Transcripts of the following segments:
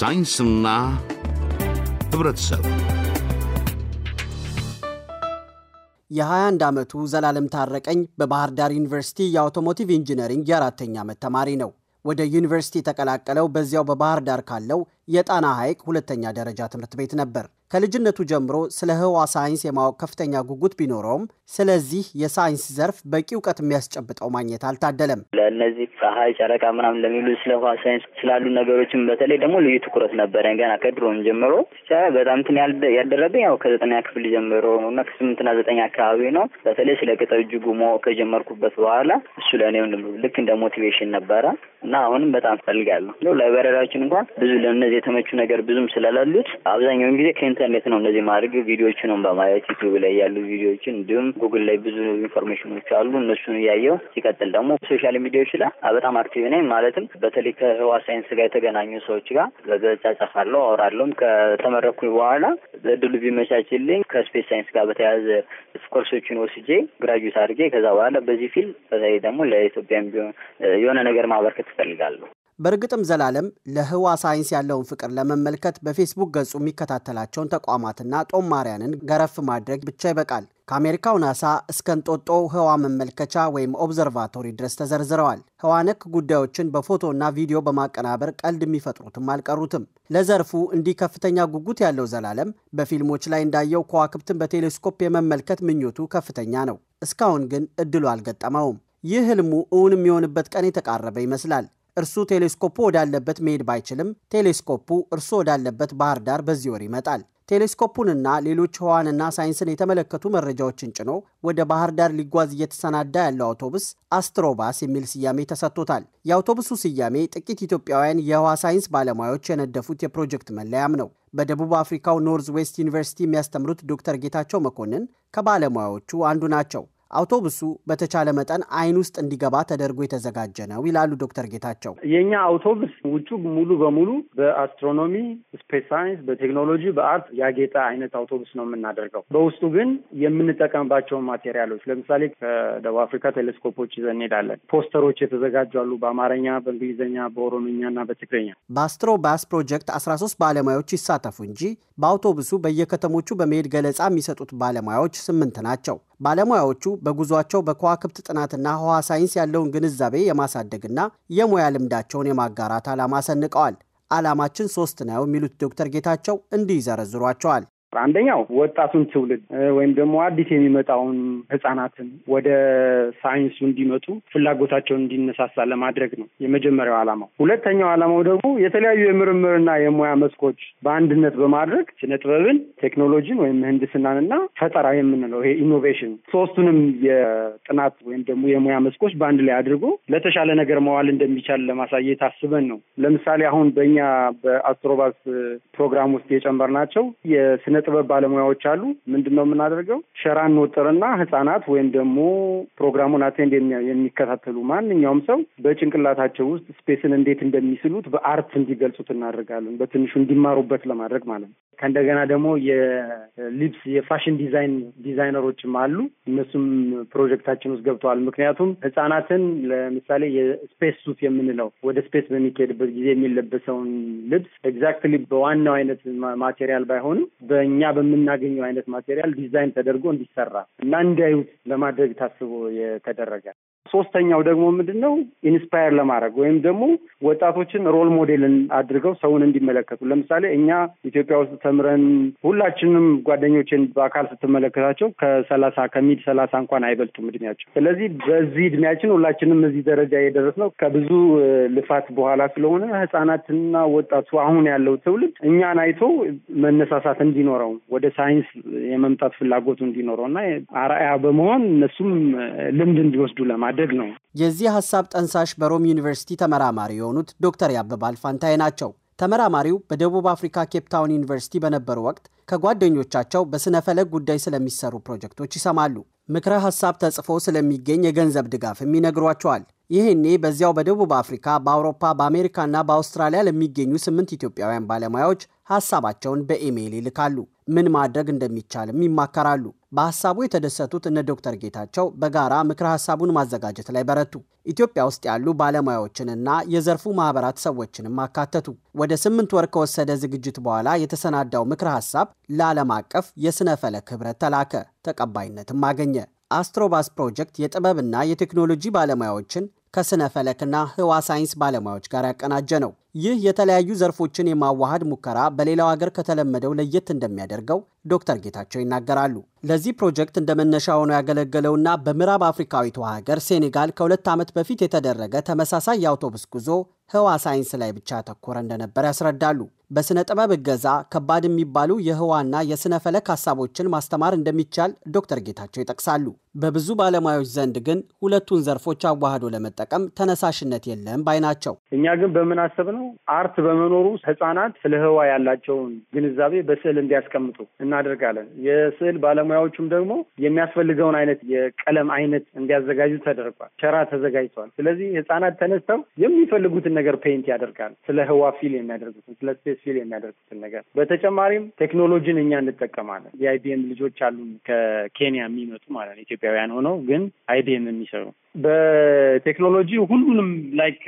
ሳይንስና ህብረተሰብ የ21 ዓመቱ ዘላለም ታረቀኝ በባህር ዳር ዩኒቨርሲቲ የአውቶሞቲቭ ኢንጂነሪንግ የአራተኛ ዓመት ተማሪ ነው። ወደ ዩኒቨርሲቲ የተቀላቀለው በዚያው በባህር ዳር ካለው የጣና ሐይቅ ሁለተኛ ደረጃ ትምህርት ቤት ነበር። ከልጅነቱ ጀምሮ ስለ ህዋ ሳይንስ የማወቅ ከፍተኛ ጉጉት ቢኖረውም ስለዚህ የሳይንስ ዘርፍ በቂ እውቀት የሚያስጨብጠው ማግኘት አልታደለም። ለእነዚህ ፀሐይ፣ ጨረቃ ምናምን ለሚሉ ስለ ህዋ ሳይንስ ስላሉ ነገሮችም በተለይ ደግሞ ልዩ ትኩረት ነበረ። ገና ከድሮም ጀምሮ። በጣም እንትን ያልደረብኝ ያው ከዘጠና ክፍል ጀምሮ እና ከስምንትና ዘጠኝ አካባቢ ነው። በተለይ ስለ ቅጠ እጅጉ ማወቅ ከጀመርኩበት በኋላ እሱ ለእኔ ልክ እንደ ሞቲቬሽን ነበረ እና አሁንም በጣም ፈልጋለሁ። ላይብረሪያችን እንኳን ብዙ ለእነዚህ የተመቹ ነገር ብዙም ስለሌሉት አብዛኛውን ጊዜ በኢንተርኔት ነው እነዚህ ማድረግ ቪዲዮዎችንም በማየት ዩቱብ ላይ ያሉ ቪዲዮዎችን እንዲሁም ጉግል ላይ ብዙ ኢንፎርሜሽኖች አሉ እነሱን እያየው ሲቀጥል ደግሞ ሶሻል ሚዲያዎች ላይ በጣም አክቲቭ ነኝ። ማለትም በተለይ ከህዋ ሳይንስ ጋር የተገናኙ ሰዎች ጋር እጻጻፋለሁ፣ አወራለሁም ከተመረኩ በኋላ እድሉ ቢመቻችልኝ ከስፔስ ሳይንስ ጋር በተያያዘ ኮርሶችን ወስጄ ግራጁዌት አድርጌ ከዛ በኋላ በዚህ ፊልም በተለይ ደግሞ ለኢትዮጵያ የሆነ ነገር ማበርከት እፈልጋለሁ። በእርግጥም ዘላለም ለህዋ ሳይንስ ያለውን ፍቅር ለመመልከት በፌስቡክ ገጹ የሚከታተላቸውን ተቋማትና ጦማሪያንን ገረፍ ማድረግ ብቻ ይበቃል። ከአሜሪካው ናሳ እስከ እንጦጦ ህዋ መመልከቻ ወይም ኦብዘርቫቶሪ ድረስ ተዘርዝረዋል። ህዋ ነክ ጉዳዮችን በፎቶና ቪዲዮ በማቀናበር ቀልድ የሚፈጥሩትም አልቀሩትም። ለዘርፉ እንዲህ ከፍተኛ ጉጉት ያለው ዘላለም በፊልሞች ላይ እንዳየው ከዋክብትን በቴሌስኮፕ የመመልከት ምኞቱ ከፍተኛ ነው። እስካሁን ግን እድሉ አልገጠመውም። ይህ ህልሙ እውን የሚሆንበት ቀን የተቃረበ ይመስላል። እርሱ ቴሌስኮፑ ወዳለበት መሄድ ባይችልም ቴሌስኮፑ እርሱ ወዳለበት ባህር ዳር በዚህ ወር ይመጣል። ቴሌስኮፑንና ሌሎች ህዋንና ሳይንስን የተመለከቱ መረጃዎችን ጭኖ ወደ ባህር ዳር ሊጓዝ እየተሰናዳ ያለው አውቶቡስ አስትሮባስ የሚል ስያሜ ተሰጥቶታል። የአውቶቡሱ ስያሜ ጥቂት ኢትዮጵያውያን የህዋ ሳይንስ ባለሙያዎች የነደፉት የፕሮጀክት መለያም ነው። በደቡብ አፍሪካው ኖርዝ ዌስት ዩኒቨርሲቲ የሚያስተምሩት ዶክተር ጌታቸው መኮንን ከባለሙያዎቹ አንዱ ናቸው። አውቶቡሱ በተቻለ መጠን አይን ውስጥ እንዲገባ ተደርጎ የተዘጋጀ ነው ይላሉ ዶክተር ጌታቸው። የእኛ አውቶቡስ ውጩ ሙሉ በሙሉ በአስትሮኖሚ፣ ስፔስ ሳይንስ፣ በቴክኖሎጂ፣ በአርት ያጌጠ አይነት አውቶቡስ ነው የምናደርገው። በውስጡ ግን የምንጠቀምባቸውን ማቴሪያሎች ለምሳሌ ከደቡብ አፍሪካ ቴሌስኮፖች ይዘን እንሄዳለን። ፖስተሮች የተዘጋጁ አሉ በአማርኛ፣ በእንግሊዝኛ፣ በኦሮምኛ እና በትግርኛ። በአስትሮ ባስ ፕሮጀክት አስራ ሶስት ባለሙያዎች ይሳተፉ እንጂ በአውቶቡሱ በየከተሞቹ በመሄድ ገለጻ የሚሰጡት ባለሙያዎች ስምንት ናቸው። ባለሙያዎቹ በጉዟቸው በከዋክብት ጥናትና ህዋ ሳይንስ ያለውን ግንዛቤ የማሳደግና የሙያ ልምዳቸውን የማጋራት ዓላማ ሰንቀዋል። ዓላማችን ሶስት ነው የሚሉት ዶክተር ጌታቸው እንዲህ ይዘረዝሯቸዋል። አንደኛው ወጣቱን ትውልድ ወይም ደግሞ አዲስ የሚመጣውን ህጻናትን ወደ ሳይንሱ እንዲመጡ ፍላጎታቸውን እንዲነሳሳ ለማድረግ ነው የመጀመሪያው ዓላማው። ሁለተኛው ዓላማው ደግሞ የተለያዩ የምርምርና የሙያ መስኮች በአንድነት በማድረግ ስነ ጥበብን፣ ቴክኖሎጂን ወይም ምህንድስናንና ፈጠራ የምንለው ይሄ ኢኖቬሽን ሶስቱንም የጥናት ወይም ደግሞ የሙያ መስኮች በአንድ ላይ አድርጎ ለተሻለ ነገር መዋል እንደሚቻል ለማሳየት አስበን ነው። ለምሳሌ አሁን በእኛ በአስትሮባስ ፕሮግራም ውስጥ የጨመርናቸው የስነ ጥበብ ባለሙያዎች አሉ። ምንድን ነው የምናደርገው? ሸራ እንወጥርና ህጻናት ወይም ደግሞ ፕሮግራሙን አቴንድ የሚከታተሉ ማንኛውም ሰው በጭንቅላታቸው ውስጥ ስፔስን እንዴት እንደሚስሉት በአርት እንዲገልጹት እናደርጋለን። በትንሹ እንዲማሩበት ለማድረግ ማለት ነው። ከእንደገና ደግሞ የልብስ የፋሽን ዲዛይን ዲዛይነሮችም አሉ። እነሱም ፕሮጀክታችን ውስጥ ገብተዋል። ምክንያቱም ህጻናትን ለምሳሌ የስፔስ ሱት የምንለው ወደ ስፔስ በሚካሄድበት ጊዜ የሚለበሰውን ልብስ ኤግዛክትሊ በዋናው አይነት ማቴሪያል ባይሆንም በእኛ በምናገኘው አይነት ማቴሪያል ዲዛይን ተደርጎ እንዲሰራ እና እንዲያዩት ለማድረግ ታስቦ የተደረገ ሶስተኛው ደግሞ ምንድን ነው ኢንስፓየር ለማድረግ ወይም ደግሞ ወጣቶችን ሮል ሞዴልን አድርገው ሰውን እንዲመለከቱ። ለምሳሌ እኛ ኢትዮጵያ ውስጥ ተምረን ሁላችንም ጓደኞችን በአካል ስትመለከታቸው ከሰላሳ ከሚድ ሰላሳ እንኳን አይበልጡም እድሜያቸው። ስለዚህ በዚህ እድሜያችን ሁላችንም እዚህ ደረጃ የደረስነው ከብዙ ልፋት በኋላ ስለሆነ ህጻናትና ወጣቱ አሁን ያለው ትውልድ እኛን አይቶ መነሳሳት እንዲኖረው ወደ ሳይንስ የመምጣት ፍላጎቱ እንዲኖረው እና አርአያ በመሆን እነሱም ልምድ እንዲወስዱ ለማድረግ ማሳደግ ነው። የዚህ ሀሳብ ጠንሳሽ በሮም ዩኒቨርሲቲ ተመራማሪ የሆኑት ዶክተር ያበባል ፋንታዬ ናቸው። ተመራማሪው በደቡብ አፍሪካ ኬፕታውን ዩኒቨርሲቲ በነበሩ ወቅት ከጓደኞቻቸው በስነ ፈለግ ጉዳይ ስለሚሰሩ ፕሮጀክቶች ይሰማሉ። ምክረ ሀሳብ ተጽፎ ስለሚገኝ የገንዘብ ድጋፍም ይነግሯቸዋል። ይህኔ በዚያው በደቡብ አፍሪካ፣ በአውሮፓ፣ በአሜሪካና በአውስትራሊያ ለሚገኙ ስምንት ኢትዮጵያውያን ባለሙያዎች ሀሳባቸውን በኢሜይል ይልካሉ። ምን ማድረግ እንደሚቻልም ይማከራሉ። በሀሳቡ የተደሰቱት እነ ዶክተር ጌታቸው በጋራ ምክር ሀሳቡን ማዘጋጀት ላይ በረቱ። ኢትዮጵያ ውስጥ ያሉ ባለሙያዎችንና የዘርፉ ማህበራት ሰዎችንም አካተቱ። ወደ ስምንት ወር ከወሰደ ዝግጅት በኋላ የተሰናዳው ምክር ሀሳብ ለዓለም አቀፍ የሥነ ፈለክ ኅብረት ተላከ፣ ተቀባይነትም አገኘ። አስትሮባስ ፕሮጀክት የጥበብና የቴክኖሎጂ ባለሙያዎችን ከስነ ፈለክና ህዋ ሳይንስ ባለሙያዎች ጋር ያቀናጀ ነው። ይህ የተለያዩ ዘርፎችን የማዋሃድ ሙከራ በሌላው ሀገር ከተለመደው ለየት እንደሚያደርገው ዶክተር ጌታቸው ይናገራሉ። ለዚህ ፕሮጀክት እንደ መነሻ ሆኖ ያገለገለውና በምዕራብ አፍሪካዊቷ ሀገር ሴኔጋል ከሁለት ዓመት በፊት የተደረገ ተመሳሳይ የአውቶቡስ ጉዞ ህዋ ሳይንስ ላይ ብቻ ያተኮረ እንደነበር ያስረዳሉ። በሥነ ጥበብ እገዛ ከባድ የሚባሉ የህዋና የሥነ ፈለክ ሐሳቦችን ማስተማር እንደሚቻል ዶክተር ጌታቸው ይጠቅሳሉ። በብዙ ባለሙያዎች ዘንድ ግን ሁለቱን ዘርፎች አዋህዶ ለመጠቀም ተነሳሽነት የለም ባይ ናቸው። እኛ ግን በምን አሰብ ነው አርት በመኖሩ ህጻናት ስለ ህዋ ያላቸውን ግንዛቤ በስዕል እንዲያስቀምጡ እናደርጋለን። የስዕል ባለሙያዎቹም ደግሞ የሚያስፈልገውን አይነት የቀለም አይነት እንዲያዘጋጁ ተደርጓል። ሸራ ተዘጋጅተዋል። ስለዚህ ህጻናት ተነስተው የሚፈልጉትን ነገር ፔይንት ያደርጋል። ስለ ህዋ ፊል የሚያደርጉትን ስለ ሲል የሚያደርጉትን ነገር። በተጨማሪም ቴክኖሎጂን እኛ እንጠቀማለን። የአይቢኤም ልጆች አሉ ከኬንያ የሚመጡ ማለት ነው ኢትዮጵያውያን ሆነው ግን አይቢኤም የሚሰሩ በቴክኖሎጂ ሁሉንም ላይክ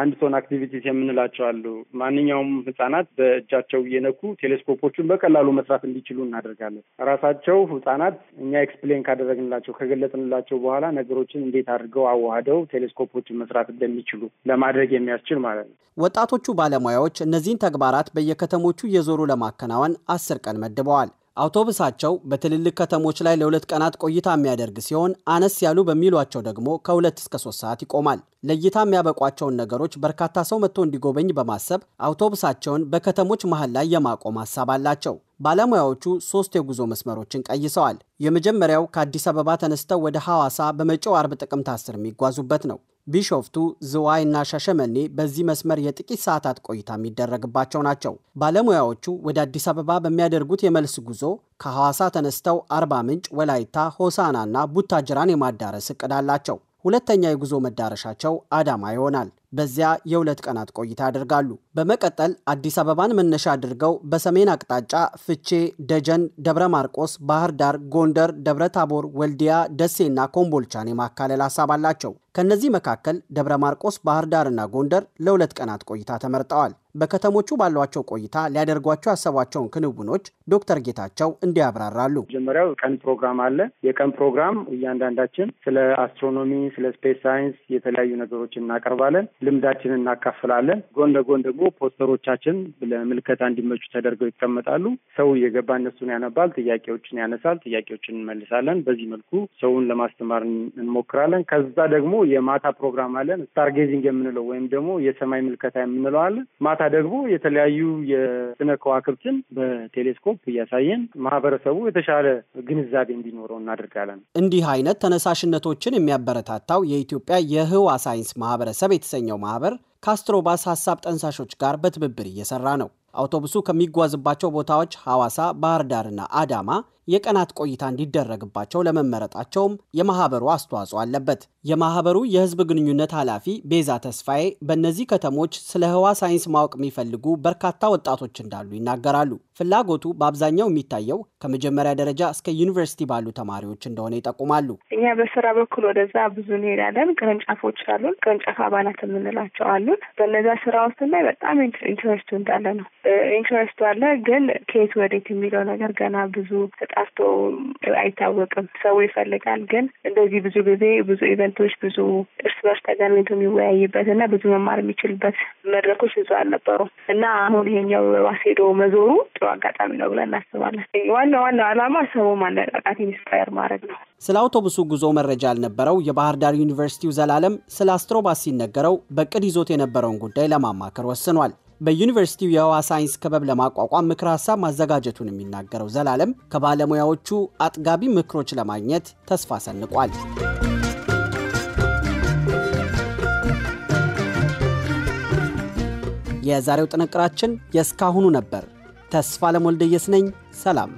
አንድ ቶን አክቲቪቲስ የምንላቸው አሉ። ማንኛውም ህጻናት በእጃቸው እየነኩ ቴሌስኮፖቹን በቀላሉ መስራት እንዲችሉ እናደርጋለን። ራሳቸው ህጻናት እኛ ኤክስፕሌን ካደረግንላቸው ከገለጥንላቸው በኋላ ነገሮችን እንዴት አድርገው አዋህደው ቴሌስኮፖችን መስራት እንደሚችሉ ለማድረግ የሚያስችል ማለት ነው። ወጣቶቹ ባለሙያዎች እነዚህን እነዚህን ተግባራት በየከተሞቹ እየዞሩ ለማከናወን አስር ቀን መድበዋል። አውቶቡሳቸው በትልልቅ ከተሞች ላይ ለሁለት ቀናት ቆይታ የሚያደርግ ሲሆን አነስ ያሉ በሚሏቸው ደግሞ ከሁለት እስከ ሶስት ሰዓት ይቆማል። ለእይታ የሚያበቋቸውን ነገሮች በርካታ ሰው መጥቶ እንዲጎበኝ በማሰብ አውቶቡሳቸውን በከተሞች መሀል ላይ የማቆም ሀሳብ አላቸው። ባለሙያዎቹ ሶስት የጉዞ መስመሮችን ቀይሰዋል። የመጀመሪያው ከአዲስ አበባ ተነስተው ወደ ሐዋሳ በመጪው አርብ ጥቅምት አስር የሚጓዙበት ነው። ቢሾፍቱ፣ ዝዋይ እና ሻሸመኔ በዚህ መስመር የጥቂት ሰዓታት ቆይታ የሚደረግባቸው ናቸው። ባለሙያዎቹ ወደ አዲስ አበባ በሚያደርጉት የመልስ ጉዞ ከሐዋሳ ተነስተው አርባ ምንጭ፣ ወላይታ፣ ሆሳና እና ቡታጅራን የማዳረስ እቅድ አላቸው። ሁለተኛ የጉዞ መዳረሻቸው አዳማ ይሆናል። በዚያ የሁለት ቀናት ቆይታ ያደርጋሉ። በመቀጠል አዲስ አበባን መነሻ አድርገው በሰሜን አቅጣጫ ፍቼ፣ ደጀን፣ ደብረ ማርቆስ፣ ባህር ዳር፣ ጎንደር፣ ደብረ ታቦር፣ ወልዲያ፣ ደሴና ኮምቦልቻን የማካለል ሀሳብ አላቸው። ከእነዚህ መካከል ደብረ ማርቆስ፣ ባህር ዳርና ጎንደር ለሁለት ቀናት ቆይታ ተመርጠዋል። በከተሞቹ ባሏቸው ቆይታ ሊያደርጓቸው ያሰቧቸውን ክንውኖች ዶክተር ጌታቸው እንዲያብራራሉ። መጀመሪያው ቀን ፕሮግራም አለ። የቀን ፕሮግራም እያንዳንዳችን ስለ አስትሮኖሚ፣ ስለ ስፔስ ሳይንስ የተለያዩ ነገሮች እናቀርባለን። ልምዳችንን እናካፍላለን። ጎን ለጎን ደግሞ ፖስተሮቻችን ለምልከታ እንዲመቹ ተደርገው ይቀመጣሉ። ሰው እየገባ እነሱን ያነባል፣ ጥያቄዎችን ያነሳል፣ ጥያቄዎችን እንመልሳለን። በዚህ መልኩ ሰውን ለማስተማር እንሞክራለን። ከዛ ደግሞ የማታ ፕሮግራም አለን። ስታርጌዚንግ የምንለው ወይም ደግሞ የሰማይ ምልከታ የምንለው አለ። ማታ ደግሞ የተለያዩ የስነ ከዋክብትን በቴሌስኮፕ እያሳየን ማህበረሰቡ የተሻለ ግንዛቤ እንዲኖረው እናደርጋለን። እንዲህ አይነት ተነሳሽነቶችን የሚያበረታታው የኢትዮጵያ የህዋ ሳይንስ ማህበረሰብ የተሰኘ የተሰኘው ካስትሮ ባስ ሀሳብ ጠንሳሾች ጋር በትብብር እየሰራ ነው። አውቶቡሱ ከሚጓዝባቸው ቦታዎች ሐዋሳ፣ ባህር ዳርና አዳማ የቀናት ቆይታ እንዲደረግባቸው ለመመረጣቸውም የማህበሩ አስተዋጽኦ አለበት። የማህበሩ የህዝብ ግንኙነት ኃላፊ ቤዛ ተስፋዬ በእነዚህ ከተሞች ስለ ህዋ ሳይንስ ማወቅ የሚፈልጉ በርካታ ወጣቶች እንዳሉ ይናገራሉ። ፍላጎቱ በአብዛኛው የሚታየው ከመጀመሪያ ደረጃ እስከ ዩኒቨርሲቲ ባሉ ተማሪዎች እንደሆነ ይጠቁማሉ። እኛ በስራ በኩል ወደዛ ብዙ እንሄዳለን። ቅርንጫፎች አሉን። ቅርንጫፍ አባላት የምንላቸው አሉን። በነዛ ስራ ውስጥ ላይ በጣም ኢንትረስቱ እንዳለ ነው። ኢንትረስቱ አለ፣ ግን ከየት ወዴት የሚለው ነገር ገና ብዙ ተጣርቶ አይታወቅም። ሰው ይፈልጋል፣ ግን እንደዚህ ብዙ ጊዜ ብዙ ኢቨንቶች፣ ብዙ እርስ በርስ ተገናኝቶ የሚወያይበት እና ብዙ መማር የሚችልበት መድረኮች ብዙ አልነበሩም እና አሁን ይሄኛው ዋሴዶ መዞሩ ጥሩ አጋጣሚ ነው ብለን እናስባለን። ዋና ዋና ዓላማ ሰው ማነቃቃት ኢንስፓየር ማድረግ ነው። ስለ አውቶቡሱ ጉዞ መረጃ ያልነበረው የባህር ዳር ዩኒቨርሲቲው ዘላለም ስለ አስትሮባስ ሲነገረው በቅድ ይዞት የነበረውን ጉዳይ ለማማከር ወስኗል። በዩኒቨርሲቲው የህዋ ሳይንስ ክበብ ለማቋቋም ምክር ሀሳብ ማዘጋጀቱን የሚናገረው ዘላለም ከባለሙያዎቹ አጥጋቢ ምክሮች ለማግኘት ተስፋ ሰንቋል። የዛሬው ጥንቅራችን የስካሁኑ ነበር። ተስፋ ለሞልደየስ ነኝ። ሰላም